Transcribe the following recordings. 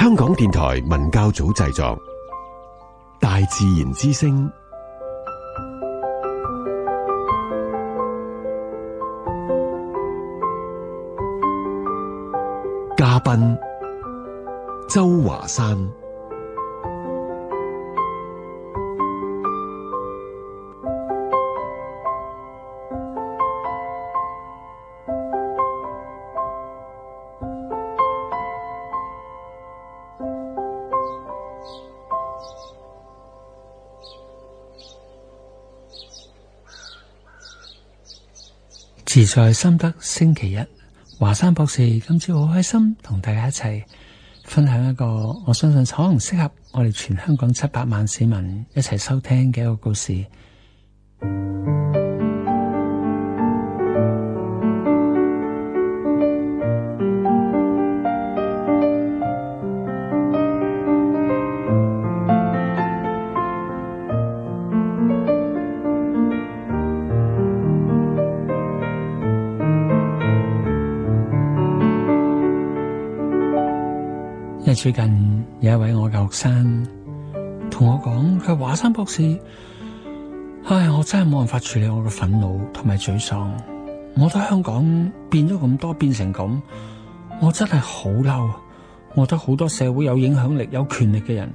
香港電台文教組製作《大自然之聲》， 嘉賓周華山。自在心得星期一，華山博士今朝好開心同大家一齊分享一個，我相信可能適合我哋全香港七百萬市民一齊收聽嘅一個故事。最近有一位我嘅學生同我講，佢話華山博士，唉，我真係冇辦法處理我嘅憤怒同埋沮喪。我喺香港變咗咁多，變成咁，我真係好嬲。我覺得好多社會有影響力、有權力嘅人，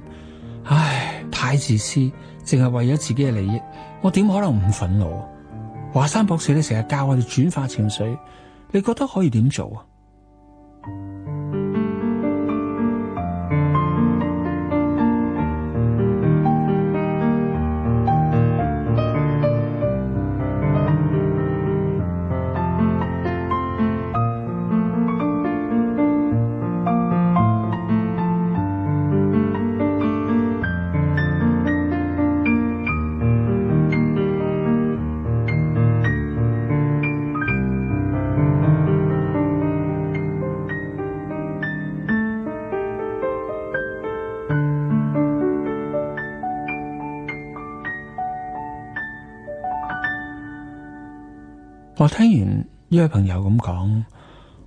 唉，太自私，淨係為咗自己嘅利益，我點可能唔憤怒？華山博士，你成日教我哋轉化情緒，你覺得可以點做啊？我聽完呢位朋友咁講，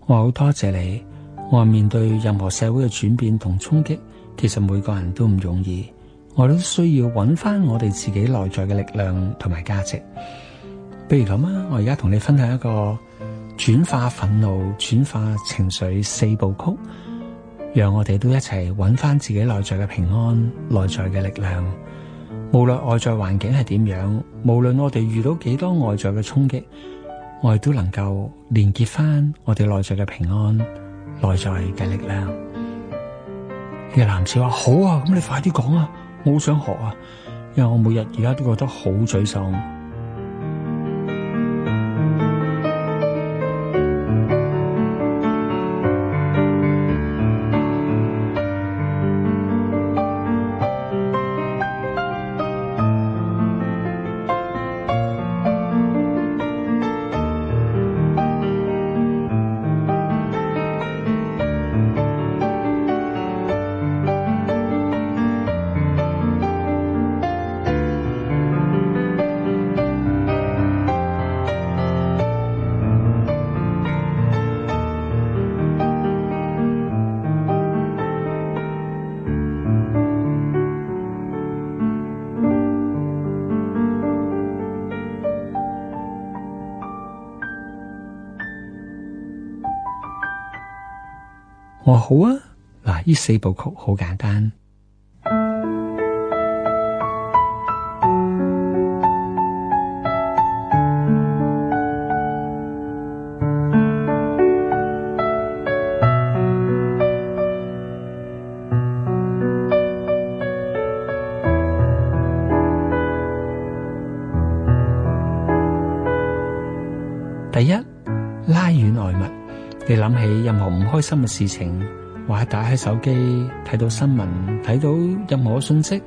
我好多謝你。我面對任何社會嘅轉變同衝擊，其實每個人都唔容易，我都需要揾翻我哋自己內在嘅力量同埋價值。比如咁啊，我而家同你分享一個轉化憤怒、轉化情緒四步曲，讓我哋都一齊揾翻自己內在嘅平安、內在嘅力量。無論外在環境係點樣，無論我哋遇到幾多外在嘅衝擊。我哋都能夠連結翻我哋內在嘅平安、內在嘅力量。嗰男子話：好啊，咁你快啲講啊，我好想學啊，因為我每日而家都覺得好沮喪。我、哦、好啊，嗱、啊，呢四步曲好簡單。你任何唔開心嘅事情，或者打開手機睇到新聞、睇到任何信息，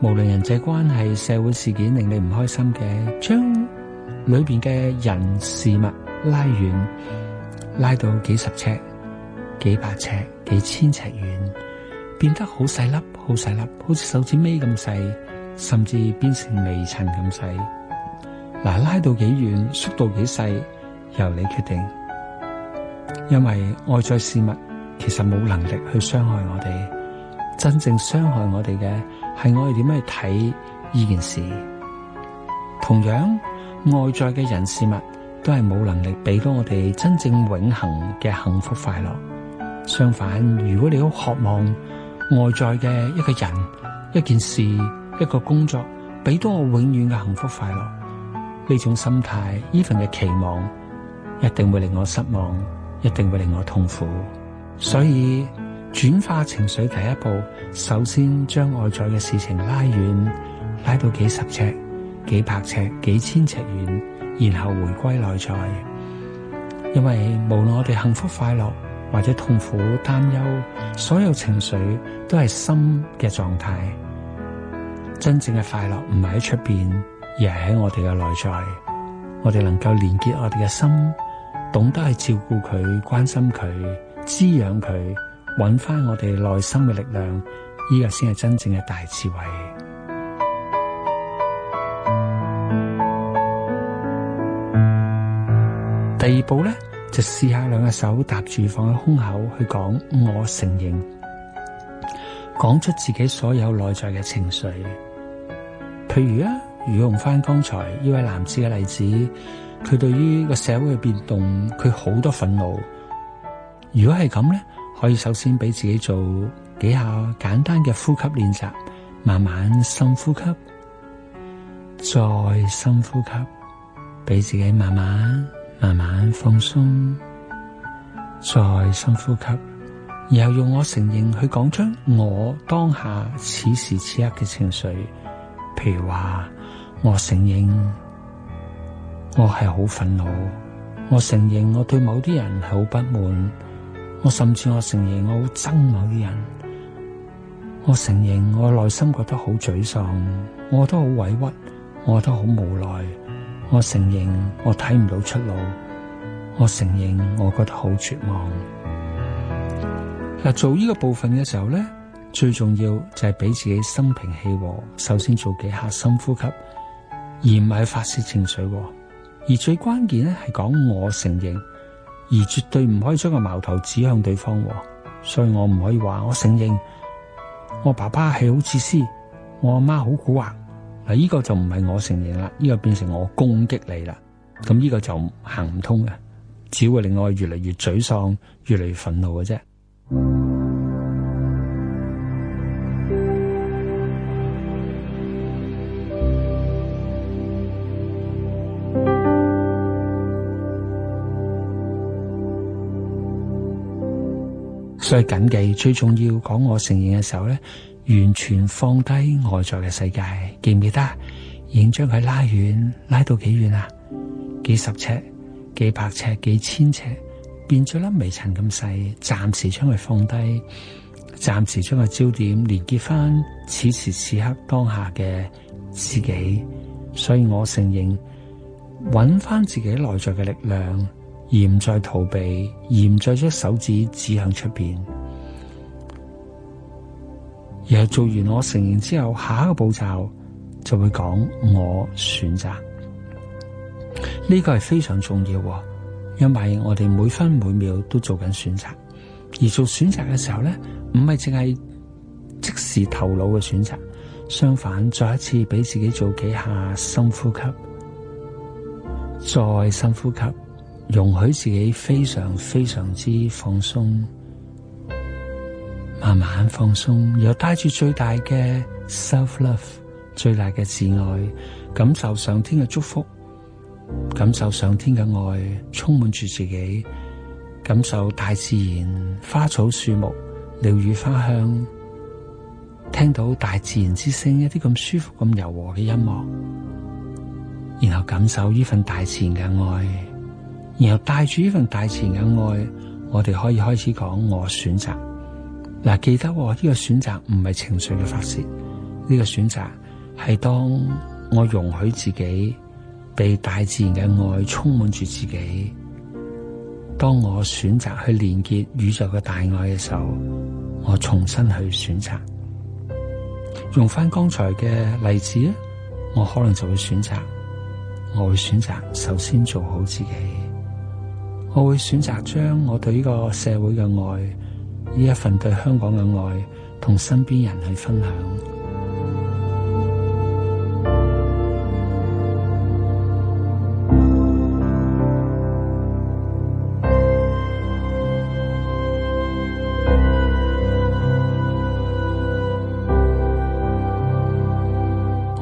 無論人際關係、社會事件令你唔開心嘅，將裏邊嘅人事物拉遠，拉到幾十尺、幾百尺、幾千尺遠，變得好細粒、好細粒，好似手指尾咁細，甚至變成微塵咁細。嗱，拉到幾遠、縮到幾細，由你決定。因為外在事物其實冇能力去傷害我哋，真正傷害我哋嘅係我哋點樣去睇呢件事。同樣，外在嘅人事物都係冇能力俾到我哋真正永恆嘅幸福快樂。相反，如果你好渴望外在嘅一個人、一件事、一個工作俾到我永遠嘅幸福快樂，呢種心態、呢份嘅期望，一定會令我失望。一定會令我痛苦，所以轉化情緒第一步，首先將外在嘅事情拉遠，拉到幾十尺、幾百尺、幾千尺遠，然後回歸內在。因為無論我哋幸福快樂或者痛苦擔憂，所有情緒都係心嘅狀態。真正嘅快樂唔係喺出面，而係喺我哋嘅內在。我哋能夠連結我哋嘅心。懂得去照顧佢、關心佢、滋養佢，揾翻我哋內心嘅力量，依個先係真正嘅大智慧。 第二步呢，就試下兩隻手搭住放喺胸口去講，我承認，講出自己所有內在嘅情緒。譬如啊，如果用翻剛才呢位男子嘅例子。佢對於個社會嘅變動，佢好多憤怒。如果係咁咧，可以首先俾自己做幾下簡單嘅呼吸練習，慢慢深呼吸，再深呼吸，俾自己慢慢慢慢放鬆，再深呼吸，然後用我承認去講出我當下此時此刻嘅情緒，譬如話我承認。我係好憤怒，我承認我對某啲人係好不滿，我甚至我承認我好憎某啲人，我承認我內心覺得好沮喪，我都好委屈，我都好無奈，我承認我睇唔到出路，我承認我覺得好絕望。嗱，做呢個部分嘅時候咧，最重要就係俾自己心平氣和，首先做幾下深呼吸，而唔係發洩情緒。而最關鍵咧係講我承認，而絕對唔可以將個矛頭指向對方，所以我唔可以話我承認我爸爸係好自私，我阿媽好蠱惑。嗱，呢個就唔係我承認啦，呢個變成我攻擊你啦，咁呢個就行唔通嘅，只會令我越嚟越沮喪，越嚟越憤怒嘅啫。最緊記，最重要講我承認嘅時候咧，完全放低外在嘅世界，記唔記得？已經將佢拉遠，拉到幾遠啊？幾十尺、幾百尺、幾千尺，變咗粒微塵咁細。暫時將佢放低，暫時將個焦點連結翻此時此刻當下嘅自己。所以我承認，揾翻自己內在嘅力量。而唔再逃避，而唔再將手指指向出邊，而係做完我承認之後，下一個步驟就會講我選擇。呢個係非常重要，因為我哋每分每秒都做緊選擇，而做選擇嘅時候咧，唔係淨係即時頭腦嘅選擇，相反，再一次俾自己做幾下深呼吸，再深呼吸。容許自己非常非常之放鬆，慢慢放鬆，又帶住最大嘅 self love，最大嘅自愛，感受上天嘅祝福，感受上天嘅愛，充滿住自己，感受大自然花草樹木、鳥語花香，聽到大自然之聲，一啲咁舒服、咁柔和嘅音樂，然後感受呢份大自然嘅愛。然後帶住呢份大自然嘅愛，我哋可以開始講我選擇。嗱，記得喎，呢個選擇唔係情緒嘅發洩，呢個選擇係當我容許自己被大自然嘅愛充滿住自己，當我選擇去連結宇宙嘅大愛嘅時候，我重新去選擇。用翻剛才嘅例子咧，我可能就會選擇，我會選擇首先做好自己。我會選擇將我對呢個社會嘅愛，呢一份對香港嘅愛，同身邊人去分享。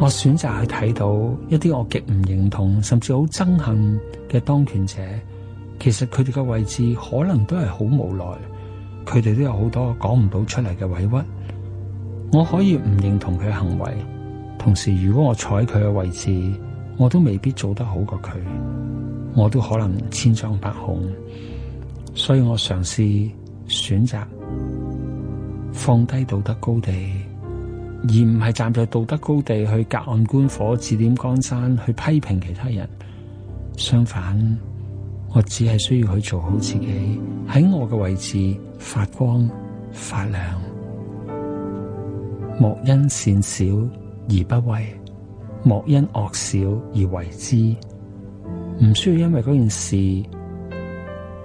我選擇去睇到一啲我極唔認同，甚至好憎恨嘅當權者。其實佢哋嘅位置可能都係好無奈，佢哋都有好多講唔到出嚟嘅委屈。我可以唔認同佢嘅行為，同時如果我坐喺佢嘅位置，我都未必做得好過佢，我都可能千瘡百孔。所以我嘗試選擇放低道德高地，而唔係站在道德高地去隔岸觀火、指點江山、去批評其他人。相反。我只係需要去做好自己，喺我嘅位置發光發亮，莫因善小而不為，莫因惡小而為之。唔需要因為嗰件事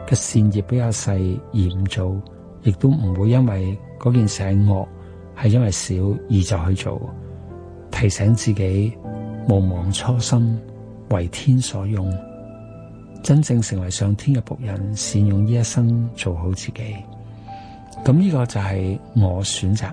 嘅善業比較細而唔做，亦都唔會因為嗰件事係惡係因為少而就去做。提醒自己，毋忘初心，為天所用。真正成為上天嘅僕人，善用呢一生做好自己，咁呢個就係我選擇。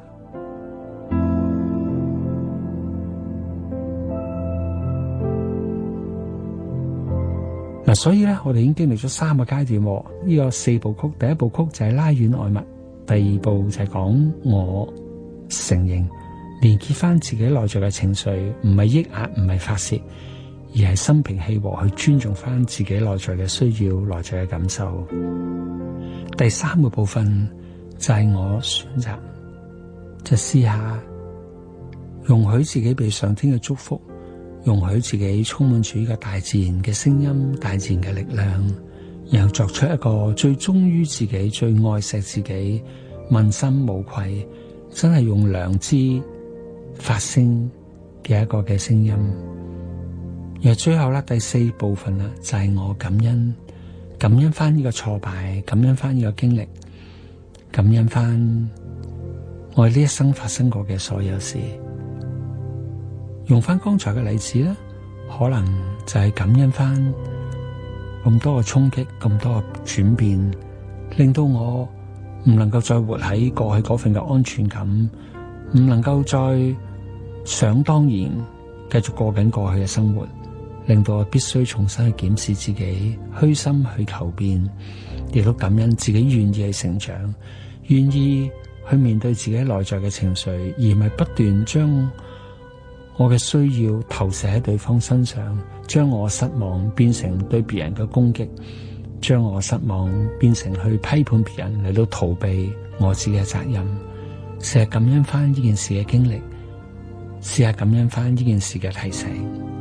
嗱、 啊，所以咧，我哋已經經歷咗三個階段，呢、這個四部曲，第一部曲就係拉遠外物，第二部就係講我承認，連結返自己內在嘅情緒，唔係抑壓，唔係發洩。而係心平氣和去尊重翻自己內在嘅需要、內在嘅感受。第三個部分就係我選擇，就試下容許自己被上天嘅祝福，容許自己充滿住呢個大自然嘅聲音、大自然嘅力量，然後作出一個最忠於自己、最愛惜自己、問心無愧、真係用良知發聲嘅一個嘅聲音。而最後啦，第四部分啦，就係、是、我感恩，感恩翻呢個挫敗，感恩翻呢個經歷，感恩翻我呢一生發生過嘅所有事。用翻剛才嘅例子咧，可能就係感恩翻咁多嘅衝擊，咁 多嘅轉變，令到我唔能夠再活喺過去嗰份嘅安全感，唔能夠再想當然，繼續過緊過去嘅生活。令到我必須重新去檢視自己，虛心去求變，亦都感恩自己願意去成長，願意去面對自己內在嘅情緒，而唔係不斷將我嘅需要投射喺對方身上，將我失望變成對別人嘅攻擊，將我失望變成去批判別人嚟到逃避我自己嘅責任，試下感恩翻呢件事嘅經歷，試下感恩翻呢件事嘅提醒。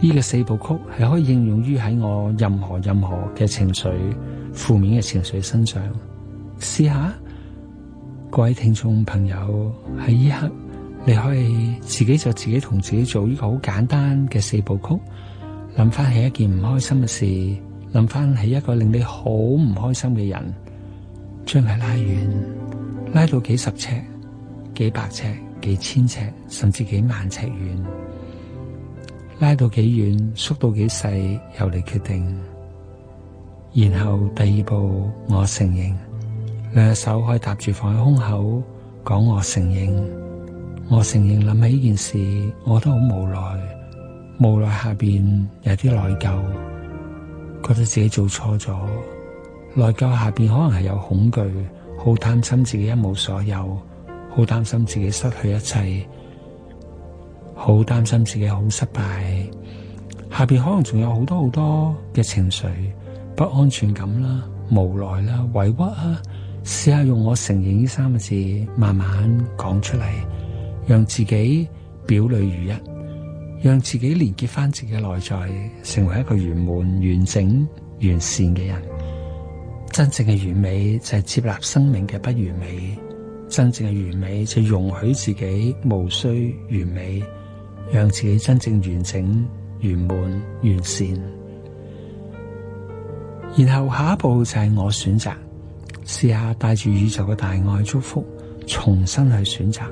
呢個四步曲係可以應用於喺我任何任何嘅情緒、負面嘅情緒身上，試下。各位聽眾朋友喺呢刻，你可以自己就自己同自己做呢個好簡單嘅四步曲。諗翻起一件唔開心嘅事，諗翻起一個令你好唔開心嘅人，將佢拉遠，拉到幾十尺、幾百尺、幾千尺，甚至幾萬尺遠。拉到幾遠，縮到幾細，由你決定。然後第二步，我承認，兩隻手可以搭住放喺胸口，講我承認。我承認諗起呢件事，我都好無奈，無奈下邊有啲內疚，覺得自己做錯咗。內疚下邊可能係有恐懼，好擔心自己一無所有，好擔心自己失去一切。好擔心自己好失敗，下邊可能仲有好多好多嘅情緒，不安全感啦、無奈啦、委屈啊。試下用我承認呢三個字，慢慢講出嚟，讓自己表裏如一，讓自己連結翻自己內在，成為一個圓滿、完整、完善嘅人。真正嘅完美就係接納生命嘅不完美，真正嘅完美就容許自己無需完美。讓自己真正完整、圓滿、完善，然後下一步就係我選擇，試下帶住宇宙嘅大愛祝福，重新去選擇，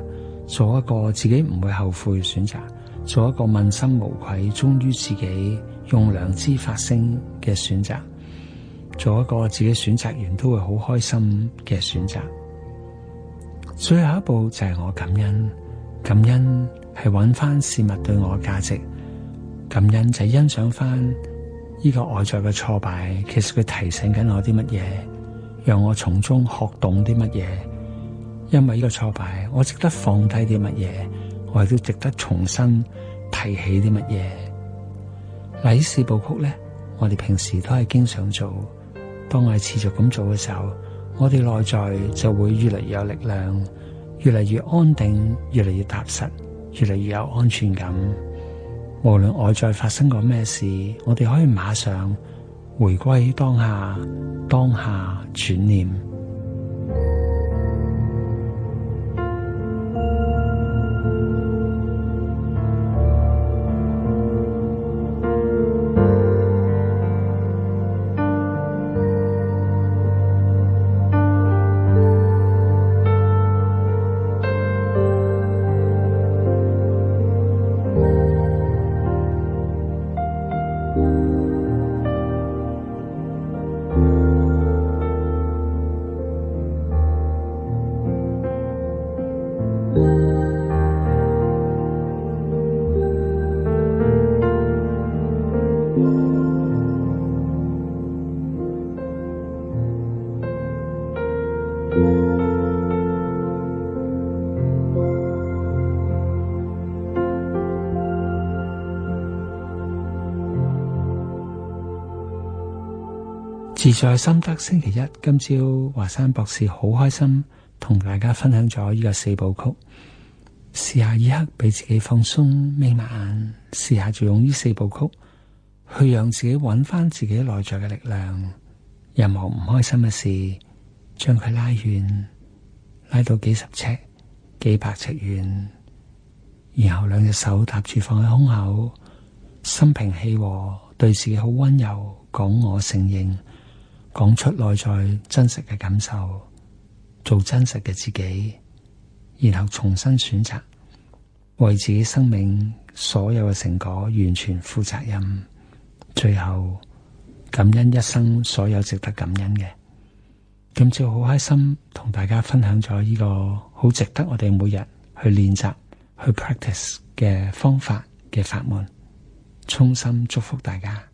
做一個自己唔會後悔嘅選擇，做一個問心無愧、忠於自己、用良知發聲嘅選擇，做一個自己選擇完都會好開心嘅選擇，最後一步就係我感恩。感恩係揾翻事物對我嘅價值，感恩就係欣賞翻呢個外在嘅挫敗，其實佢提醒緊我啲乜嘢，讓我從中學懂啲乜嘢。因為呢個挫敗，我值得放低啲乜嘢，我亦都值得重新提起啲乜嘢。呢四步曲咧，我哋平時都係經常做，當我哋持續咁做嘅時候，我哋內在就會越嚟越有力量。越嚟越安定，越嚟越踏實，越嚟越有安全感。無論外在發生過咩事，我哋可以馬上回歸當下，當下轉念。自在心得，星期一，今朝華山博士好開心同大家分享咗呢個四部曲。試一下以刻俾自己放鬆，咪埋眼試下，就用呢四部曲去讓自己揾翻自己內在嘅力量，任何唔開心嘅事，將佢拉遠，拉到幾十尺、幾百尺遠，然後兩隻手搭住放喺胸口，心平氣和，對自己好溫柔，講，我承認。講出內在真實嘅感受，做真實嘅自己，然後重新選擇，為自己生命所有嘅成果完全負責任，最後感恩一生所有值得感恩嘅。今次好開心同大家分享咗呢個好值得我哋每日去練習、去 practice 嘅方法嘅法門，衷心祝福大家。